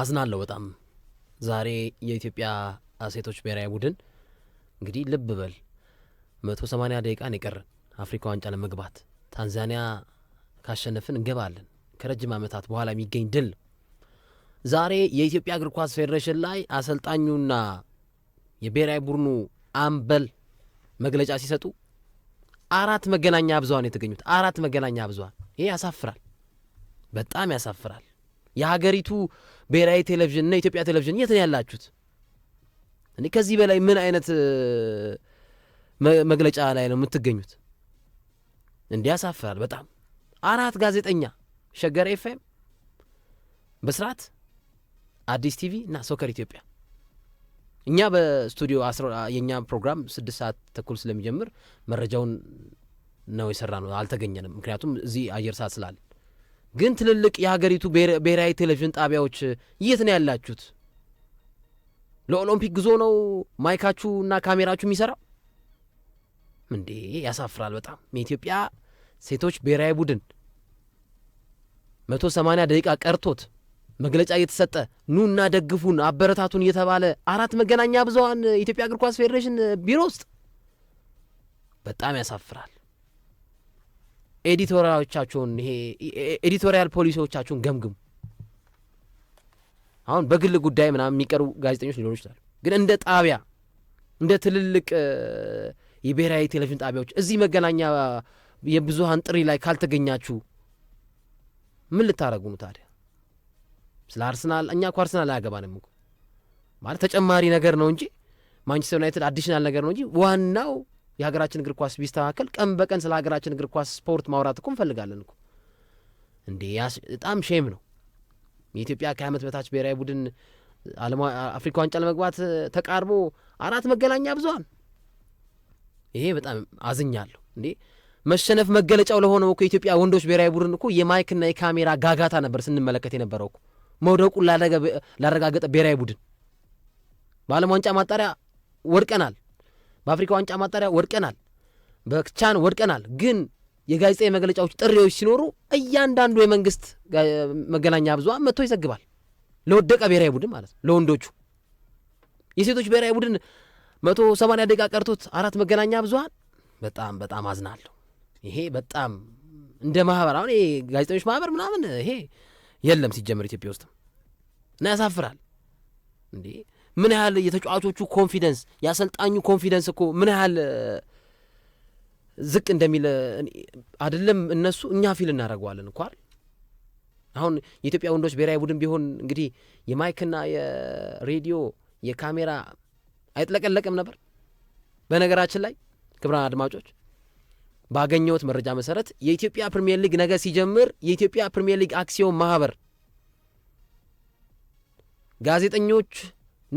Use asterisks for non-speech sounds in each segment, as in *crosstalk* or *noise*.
አዝናለሁ በጣም ዛሬ የኢትዮጵያ ሴቶች ብሔራዊ ቡድን እንግዲህ ልብ በል መቶ ሰማኒያ ደቂቃን የቀረን አፍሪካ ዋንጫ ለመግባት ታንዛኒያ ካሸነፍን እንገባለን። ከረጅም ዓመታት በኋላ የሚገኝ ድል ነው። ዛሬ የኢትዮጵያ እግር ኳስ ፌዴሬሽን ላይ አሰልጣኙና የብሔራዊ ቡድኑ አምበል መግለጫ ሲሰጡ አራት መገናኛ ብዙኃን የተገኙት አራት መገናኛ ብዙኃን ይሄ ያሳፍራል፣ በጣም ያሳፍራል። የሀገሪቱ ብሔራዊ ቴሌቪዥን እና ኢትዮጵያ ቴሌቪዥን የት ነው ያላችሁት? እኔ ከዚህ በላይ ምን አይነት መግለጫ ላይ ነው የምትገኙት? እንዲህ ያሳፍራል በጣም። አራት ጋዜጠኛ ሸገር ኤፍኤም፣ ብስራት፣ አዲስ ቲቪ እና ሶከር ኢትዮጵያ። እኛ በስቱዲዮ የእኛ ፕሮግራም ስድስት ሰዓት ተኩል ስለሚጀምር መረጃውን ነው የሰራ ነው አልተገኘንም። ምክንያቱም እዚህ አየር ሰዓት ስላለ ግን ትልልቅ የሀገሪቱ ብሔራዊ ቴሌቪዥን ጣቢያዎች የት ነው ያላችሁት? ለኦሎምፒክ ጉዞ ነው ማይካችሁ እና ካሜራችሁ የሚሰራው እንዴ? ያሳፍራል በጣም። የኢትዮጵያ ሴቶች ብሔራዊ ቡድን መቶ ሰማንያ ደቂቃ ቀርቶት መግለጫ እየተሰጠ ኑና ደግፉን አበረታቱን እየተባለ አራት መገናኛ ብዙሀን ኢትዮጵያ እግር ኳስ ፌዴሬሽን ቢሮ ውስጥ በጣም ያሳፍራል። ኤዲቶሪያሎቻችሁን ይሄ ኤዲቶሪያል ፖሊሲዎቻችሁን ገምግሙ። አሁን በግል ጉዳይ ምናምን የሚቀርቡ ጋዜጠኞች ሊሆኑ ይችላሉ። ግን እንደ ጣቢያ እንደ ትልልቅ የብሔራዊ ቴሌቪዥን ጣቢያዎች እዚህ መገናኛ የብዙሀን ጥሪ ላይ ካልተገኛችሁ ምን ልታደረጉ ነው ታዲያ? ስለ አርሰናል እኛ እኮ አርሰናል አያገባንም እኮ ማለት ተጨማሪ ነገር ነው እንጂ ማንቸስተር ዩናይትድ አዲሽናል ነገር ነው እንጂ ዋናው የሀገራችን እግር ኳስ ቢስተካከል ቀን በቀን ስለ ሀገራችን እግር ኳስ ስፖርት ማውራት እኮ እንፈልጋለን እኮ እንዴ። በጣም ሼም ነው። የኢትዮጵያ ከአመት በታች ብሔራዊ ቡድን አፍሪካ ዋንጫ ለመግባት ተቃርቦ አራት መገናኛ ብዙኃን ይሄ በጣም አዝኛለሁ። እንዴ መሸነፍ መገለጫው ለሆነው እኮ የኢትዮጵያ ወንዶች ብሔራዊ ቡድን እኮ የማይክና የካሜራ ጋጋታ ነበር ስንመለከት የነበረው እኮ መውደቁን ላረጋገጠ ብሔራዊ ቡድን በዓለም ዋንጫ ማጣሪያ ወድቀናል። በአፍሪካ ዋንጫ ማጣሪያ ወድቀናል፣ በቻን ወድቀናል። ግን የጋዜጣዊ መግለጫዎች ጥሪዎች ሲኖሩ እያንዳንዱ የመንግስት መገናኛ ብዙሃን መጥቶ ይዘግባል። ለወደቀ ብሔራዊ ቡድን ማለት ነው። ለወንዶቹ የሴቶች ብሔራዊ ቡድን መቶ ሰማንያ ደቂቃ ቀርቶት አራት መገናኛ ብዙሃን በጣም በጣም አዝናለሁ። ይሄ በጣም እንደ ማህበር አሁን ይሄ ጋዜጠኞች ማህበር ምናምን ይሄ የለም ሲጀምር ኢትዮጵያ ውስጥም እና ያሳፍራል እንዴ ምን ያህል የተጫዋቾቹ ኮንፊደንስ የአሰልጣኙ ኮንፊደንስ እኮ ምን ያህል ዝቅ እንደሚል አይደለም እነሱ እኛ ፊል እናደርገዋለን እኮ አይደል። አሁን የኢትዮጵያ ወንዶች ብሔራዊ ቡድን ቢሆን እንግዲህ የማይክና የሬዲዮ የካሜራ አይጥለቀለቅም ነበር። በነገራችን ላይ ክብራን አድማጮች ባገኘሁት መረጃ መሰረት የኢትዮጵያ ፕሪምየር ሊግ ነገ ሲጀምር የኢትዮጵያ ፕሪምየር ሊግ አክሲዮን ማህበር ጋዜጠኞች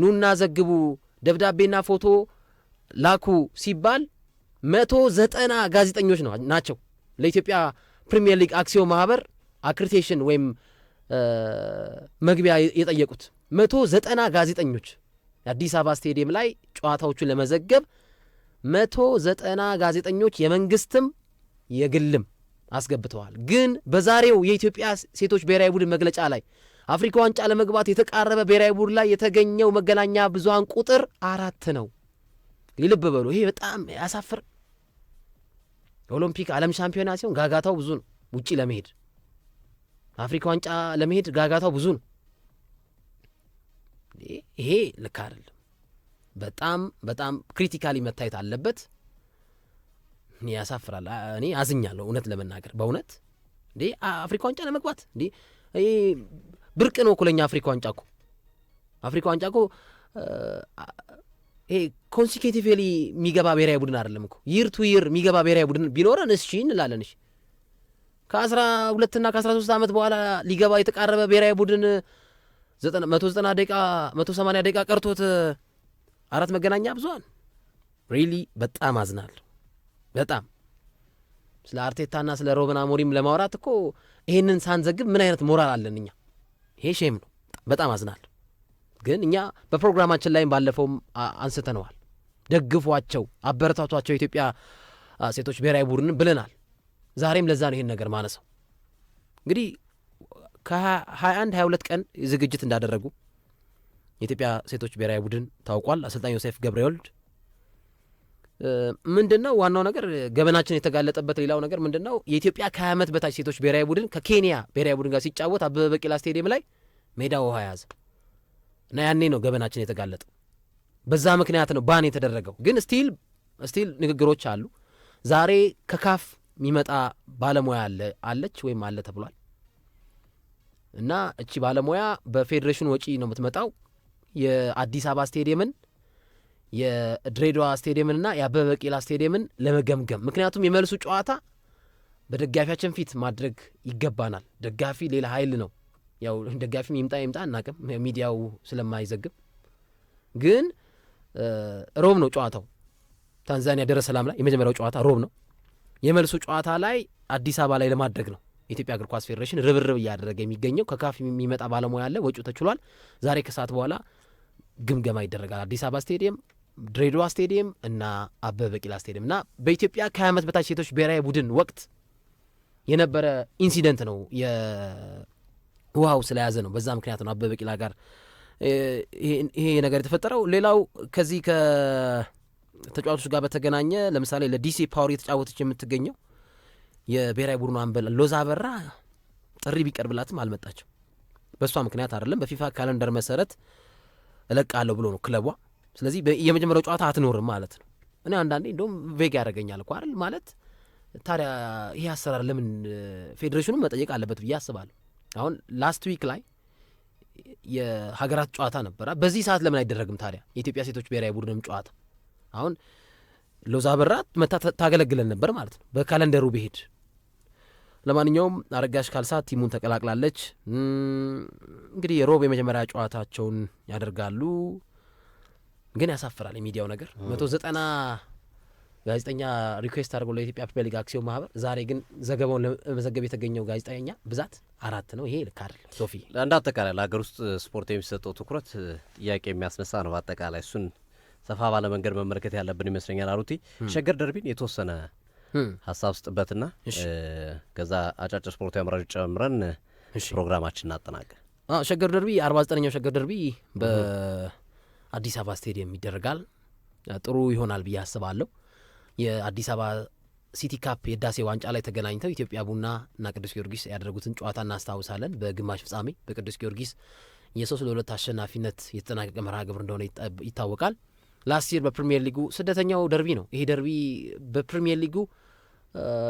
ኑና ዘግቡ፣ ደብዳቤና ፎቶ ላኩ ሲባል መቶ ዘጠና ጋዜጠኞች ናቸው ለኢትዮጵያ ፕሪምየር ሊግ አክሲዮን ማህበር አክሪቴሽን ወይም መግቢያ የጠየቁት መቶ ዘጠና ጋዜጠኞች የአዲስ አበባ ስቴዲየም ላይ ጨዋታዎቹን ለመዘገብ መቶ ዘጠና ጋዜጠኞች የመንግስትም የግልም አስገብተዋል። ግን በዛሬው የኢትዮጵያ ሴቶች ብሔራዊ ቡድን መግለጫ ላይ አፍሪካ ዋንጫ ለመግባት የተቃረበ ብሔራዊ ቡድን ላይ የተገኘው መገናኛ ብዙሃን ቁጥር አራት ነው። ልብ በሉ። ይሄ በጣም ያሳፍር። ኦሎምፒክ ዓለም ሻምፒዮና ሲሆን ጋጋታው ብዙ ነው። ውጭ ለመሄድ አፍሪካ ዋንጫ ለመሄድ ጋጋታው ብዙ ነው። ይሄ ልክ አይደለም። በጣም በጣም ክሪቲካሊ መታየት አለበት። ያሳፍራል። እኔ አዝኛለሁ እውነት ለመናገር በእውነት እንዴ አፍሪካ ዋንጫ ለመግባት እንዴ ብርቅ ነው እኮ ለኛ አፍሪካ ዋንጫ እኮ አፍሪካ ዋንጫ እኮ ይሄ ኮንሲኬቲቭሊ የሚገባ ብሔራዊ ቡድን አይደለም እኮ ይር ቱ ይር የሚገባ ብሔራዊ ቡድን ቢኖረን እሺ እንላለንሽ። ከአስራ ሁለትና ከአስራ ሶስት ዓመት በኋላ ሊገባ የተቃረበ ብሔራዊ ቡድን መቶ ዘጠና ደቂቃ መቶ ሰማንያ ደቂቃ ቀርቶት አራት መገናኛ ብዙሃን ሪሊ በጣም አዝናለሁ። በጣም ስለ አርቴታና ስለ ሮበን አሞሪም ለማውራት እኮ ይሄንን ሳንዘግብ ምን አይነት ሞራል አለን እኛ? ይሄ ሼም ነው። በጣም አዝናል። ግን እኛ በፕሮግራማችን ላይም ባለፈውም አንስተነዋል። ደግፏቸው፣ አበረታቷቸው የኢትዮጵያ ሴቶች ብሔራዊ ቡድን ብለናል። ዛሬም ለዛ ነው ይሄን ነገር ማነሰው። እንግዲህ ከ21 22 ቀን ዝግጅት እንዳደረጉ የኢትዮጵያ ሴቶች ብሔራዊ ቡድን ታውቋል። አሰልጣኝ ዮሴፍ ገብረወልድ ምንድነው ዋናው ነገር ገበናችን የተጋለጠበት ሌላው ነገር ምንድነው የኢትዮጵያ ከሀያ ዓመት በታች ሴቶች ብሔራዊ ቡድን ከኬንያ ብሔራዊ ቡድን ጋር ሲጫወት አበበ በቂላ ስቴዲየም ላይ ሜዳ ውሃ ያዘ እና ያኔ ነው ገበናችን የተጋለጠው። በዛ ምክንያት ነው ባን የተደረገው። ግን ስቲል ስቲል ንግግሮች አሉ። ዛሬ ከካፍ የሚመጣ ባለሙያ አለ አለች ወይም አለ ተብሏል እና እቺ ባለሙያ በፌዴሬሽኑ ወጪ ነው የምትመጣው የአዲስ አበባ ስቴዲየምን የድሬዳዋ ስቴዲየምንና የአበበ ቢቂላ ስቴዲየምን ለመገምገም ምክንያቱም የመልሱ ጨዋታ በደጋፊያችን ፊት ማድረግ ይገባናል። ደጋፊ ሌላ ኃይል ነው። ያው ደጋፊ ይምጣ ይምጣ አናቅም፣ ሚዲያው ስለማይዘግብ ግን ሮብ ነው ጨዋታው። ታንዛኒያ ደረ ሰላም ላይ የመጀመሪያው ጨዋታ ሮብ ነው። የመልሱ ጨዋታ ላይ አዲስ አበባ ላይ ለማድረግ ነው የኢትዮጵያ እግር ኳስ ፌዴሬሽን ርብርብ እያደረገ የሚገኘው። ከካፍ የሚመጣ ባለሙያ አለ፣ ወጪው ተችሏል። ዛሬ ከሰዓት በኋላ ግምገማ ይደረጋል። አዲስ አበባ ስቴዲየም ድሬዳዋ ስቴዲየም እና አበበ በቂላ ስቴዲየም እና በኢትዮጵያ ከሀያ ዓመት በታች ሴቶች ብሔራዊ ቡድን ወቅት የነበረ ኢንሲደንት ነው። የውሃው ስለያዘ ነው። በዛ ምክንያት ነው አበበ በቂላ ጋር ይሄ ነገር የተፈጠረው። ሌላው ከዚህ ከተጫዋቾች ጋር በተገናኘ ለምሳሌ ለዲሲ ፓወር የተጫወተች የምትገኘው የብሔራዊ ቡድኑ አንበል ሎዛ በራ ጥሪ ቢቀርብላትም አልመጣቸው። በእሷ ምክንያት አይደለም። በፊፋ ካለንደር መሰረት እለቃለሁ ብሎ ነው ክለቧ ስለዚህ የመጀመሪያው ጨዋታ አትኖርም ማለት ነው። እኔ አንዳንዴ እንደውም ቬግ ያደርገኛል እኮ አይደል ማለት ታዲያ ይሄ አሰራር ለምን ፌዴሬሽኑ መጠየቅ አለበት ብዬ አስባለሁ። አሁን ላስት ዊክ ላይ የሀገራት ጨዋታ ነበረ። በዚህ ሰዓት ለምን አይደረግም ታዲያ? የኢትዮጵያ ሴቶች ብሔራዊ ቡድንም ጨዋታ አሁን ሎዛ በራ መታ ታገለግለን ነበር ማለት ነው በካለንደሩ ብሄድ። ለማንኛውም አረጋሽ ካልሳ ቲሙን ተቀላቅላለች። እንግዲህ የሮብ የመጀመሪያ ጨዋታቸውን ያደርጋሉ። ግን ያሳፍራል የሚዲያው ነገር መቶ ዘጠና ጋዜጠኛ ሪኩዌስት አድርጎ ለኢትዮጵያ ፕሪሚየር ሊግ አክሲዮን ማህበር ዛሬ ግን ዘገባውን ለመዘገብ የተገኘው ጋዜጠኛ ብዛት አራት ነው። ይሄ ልክ አይደለም። ሶፊ እንደ አጠቃላይ ለሀገር ውስጥ ስፖርት የሚሰጠው ትኩረት ጥያቄ የሚያስነሳ ነው። በአጠቃላይ እሱን ሰፋ ባለ መንገድ መመልከት ያለብን ይመስለኛል። አሩቲ ሸገር ደርቢን የተወሰነ ሀሳብ ስጥበትና ከዛ አጫጭር ስፖርታዊ አምራጮች ጨምረን ፕሮግራማችን እናጠናቀ ሸገር ደርቢ አርባ ዘጠነኛው ሸገር ደርቢ በ አዲስ አበባ ስቴዲየም ይደረጋል። ጥሩ ይሆናል ብዬ አስባለሁ። የአዲስ አበባ ሲቲ ካፕ የዳሴ ዋንጫ ላይ ተገናኝተው ኢትዮጵያ ቡና እና ቅዱስ ጊዮርጊስ ያደረጉትን ጨዋታ እናስታውሳለን። በግማሽ ፍጻሜ በቅዱስ ጊዮርጊስ የሶስት ለሁለት አሸናፊነት የተጠናቀቀ መርሃ ግብር እንደሆነ ይታወቃል። ላስት ይር በፕሪምየር ሊጉ ስደተኛው ደርቢ ነው። ይሄ ደርቢ በፕሪምየር ሊጉ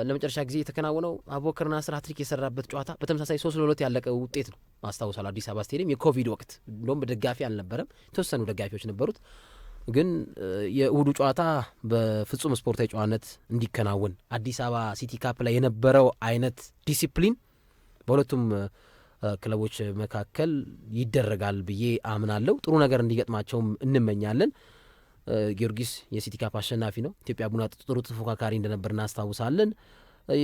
ለመጨረሻ ጊዜ የተከናወነው አቡበከር ናስር ሀትሪክ የሰራበት ጨዋታ በተመሳሳይ ሶስት ለሁለት ያለቀ ውጤት ነው ማስታውሳል። አዲስ አበባ ስቴዲየም የኮቪድ ወቅት እንደውም ደጋፊ አልነበረም፣ የተወሰኑ ደጋፊዎች ነበሩት። ግን የእሁዱ ጨዋታ በፍጹም ስፖርታዊ ጨዋነት እንዲከናወን አዲስ አበባ ሲቲ ካፕ ላይ የነበረው አይነት ዲሲፕሊን በሁለቱም ክለቦች መካከል ይደረጋል ብዬ አምናለሁ። ጥሩ ነገር እንዲገጥማቸውም እንመኛለን። ጊዮርጊስ የሲቲ ካፕ አሸናፊ ነው። ኢትዮጵያ ቡና ጥሩ ተፎካካሪ እንደነበር እናስታውሳለን።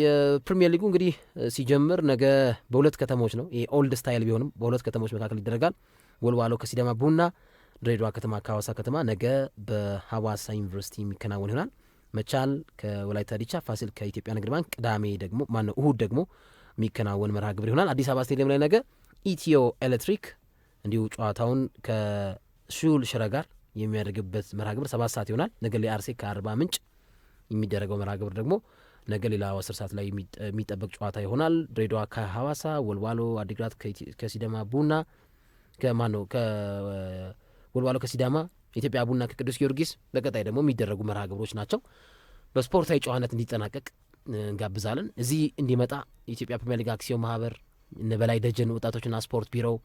የፕሪሚየር ሊጉ እንግዲህ ሲጀምር ነገ በሁለት ከተሞች ነው። ይሄ ኦልድ ስታይል ቢሆንም በሁለት ከተሞች መካከል ይደረጋል። ወልዋሎ ከሲዳማ ቡና፣ ድሬዳዋ ከተማ ከሀዋሳ ከተማ ነገ በሀዋሳ ዩኒቨርሲቲ የሚከናወን ይሆናል። መቻል ከወላይታ ዲቻ፣ ፋሲል ከኢትዮጵያ ንግድ ባንክ ቅዳሜ ደግሞ ማነው እሁድ ደግሞ የሚከናወን መርሃ ግብር ይሆናል። አዲስ አበባ ስቴዲየም ላይ ነገ ኢትዮ ኤሌክትሪክ እንዲሁ ጨዋታውን ከሹል ሽረ ጋር የሚያደርግበት መርሃ ግብር ሰባት ሰዓት ይሆናል። ነገ ላይ አርሴ ከአርባ ምንጭ የሚደረገው መርሃ ግብር ደግሞ ነገ ሌላ አስር ሰዓት ላይ የሚጠበቅ ጨዋታ ይሆናል። ድሬዳዋ ከሀዋሳ፣ ወልዋሎ አዲግራት ከሲዳማ ቡና ከማን ነው ከወልዋሎ ከሲዳማ፣ ኢትዮጵያ ቡና ከቅዱስ ጊዮርጊስ በቀጣይ ደግሞ የሚደረጉ መርሃ ግብሮች ናቸው። በስፖርታዊ ጨዋነት እንዲጠናቀቅ እንጋብዛለን። እዚህ እንዲመጣ የኢትዮጵያ ፕሪሚየር ሊግ አክሲዮን ማህበር እነ በላይ ደጀን ወጣቶችና ስፖርት ቢሮው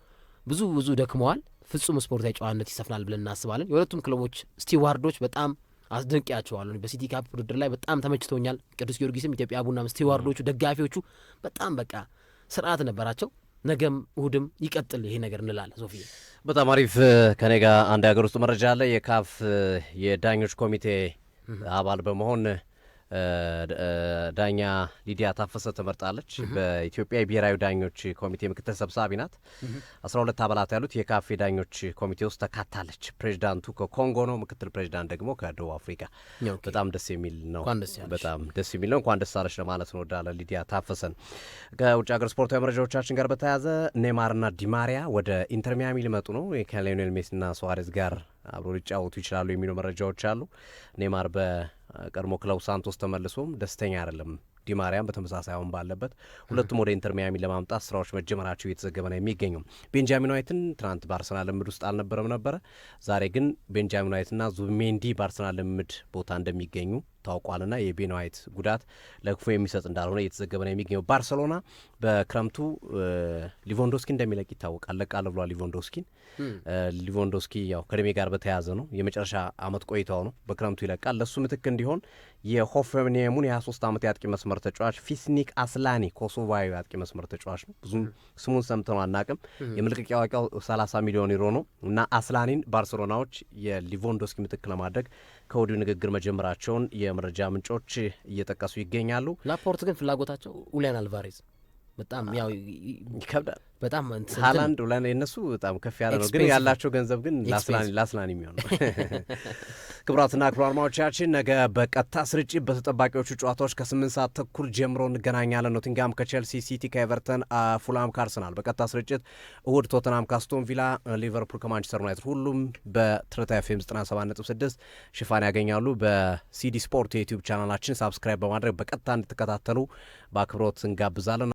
ብዙ ብዙ ደክመዋል። ፍጹም ስፖርታዊ ጨዋነት ይሰፍናል ብለን እናስባለን። የሁለቱም ክለቦች ስቲዋርዶች በጣም አስደንቅያቸዋለሁ። በሲቲ ካፕ ውድድር ላይ በጣም ተመችቶኛል። ቅዱስ ጊዮርጊስም፣ ኢትዮጵያ ቡናም ስቲዋርዶቹ፣ ደጋፊዎቹ በጣም በቃ ስርዓት ነበራቸው። ነገም እሁድም ይቀጥል ይሄ ነገር እንላለን። ሶፊ በጣም አሪፍ። ከኔ ጋር አንድ የሀገር ውስጥ መረጃ አለ። የካፍ የዳኞች ኮሚቴ አባል በመሆን ዳኛ ሊዲያ ታፈሰ ትመርጣለች። በኢትዮጵያ የብሔራዊ ዳኞች ኮሚቴ ምክትል ሰብሳቢ ናት። አስራ ሁለት አባላት ያሉት የካፌ ዳኞች ኮሚቴ ውስጥ ተካታለች። ፕሬዚዳንቱ ከኮንጎ ነው፣ ምክትል ፕሬዚዳንት ደግሞ ከደቡብ አፍሪካ። በጣም ደስ የሚል ነው። በጣም ደስ የሚል ነው። እንኳን ደስ አለሽ ለማለት እንወዳለን ሊዲያ ታፈሰን። ከውጭ ሀገር ስፖርታዊ መረጃዎቻችን ጋር በተያያዘ ኔማርና ዲማሪያ ወደ ኢንተር ሚያሚ ሊመጡ ነው ከሊዮኔል ሜሲና ሶዋሬዝ ጋር አብሮ ሊጫወቱ ይችላሉ የሚሉ መረጃዎች አሉ። ኔማር በቀድሞ ክለቡ ሳንቶስ ተመልሶም ደስተኛ አይደለም። ዲማሪያም በተመሳሳይ አሁን ባለበት ሁለቱም ወደ ኢንተር ሚያሚ ለማምጣት ስራዎች መጀመራቸው እየተዘገበ ነው የሚገኙ። ቤንጃሚን ዋይትን ትናንት በአርሰናል ልምድ ውስጥ አልነበረም ነበረ። ዛሬ ግን ቤንጃሚን ዋይትና ዙሜንዲ በአርሰናል ልምድ ቦታ እንደሚገኙ ታውቋልና የቤን ዋይት ጉዳት ለክፉ የሚሰጥ እንዳልሆነ እየተዘገበ ነው የሚገኘው። ባርሰሎና በክረምቱ ሊቮንዶስኪ እንደሚለቅ ይታወቃል። ለቃለ ብሏል ሊቮንዶስኪን። ሊቮንዶስኪ ያው ከእድሜ ጋር በተያያዘ ነው፣ የመጨረሻ አመት ቆይታው ነው። በክረምቱ ይለቃል። ለእሱ ምትክ እንዲሆን የሆፈኒየሙን የ23 ዓመት የአጥቂ መስመር ተጫዋች ፊስኒክ አስላኒ ኮሶቫዊ የአጥቂ መስመር ተጫዋች ነው። ብዙም ስሙን ሰምተን አናቅም። የመልቀቂያ ዋቂያው 30 ሚሊዮን ዩሮ ነው እና አስላኒን ባርሰሎናዎች የሊቮንዶስኪ ምትክ ለማድረግ ከወዲሁ ንግግር መጀመራቸውን የመረጃ ምንጮች እየጠቀሱ ይገኛሉ። ላፖርት ግን ፍላጎታቸው ሁሊያን አልቫሬዝ በጣም ያው ይከብዳል። በጣም ሀላንድ የነሱ በጣም ከፍ ያለ ነው፣ ግን ያላቸው ገንዘብ ግን ላስላን የሚሆን ነው። *laughs* ክቡራትና ክቡራን አድማጮቻችን ነገ በቀጥታ ስርጭት በተጠባቂዎቹ ጨዋታዎች ከስምንት ሰዓት ተኩል ጀምሮ እንገናኛለን። ኖቲንግሃም ከቼልሲ፣ ሲቲ ከኤቨርተን፣ ፉላም ከአርሰናል በቀጥታ ስርጭት እሁድ ቶተናም ከአስቶን ቪላ፣ ሊቨርፑል ከማንቸስተር ዩናይትድ ሁሉም በትርታ ኤፍ 97.6 ሽፋን ያገኛሉ። በሲዲ ስፖርት የዩቲዩብ ቻናላችን ሳብስክራይብ በማድረግ በቀጥታ እንድትከታተሉ በአክብሮት እንጋብዛለን።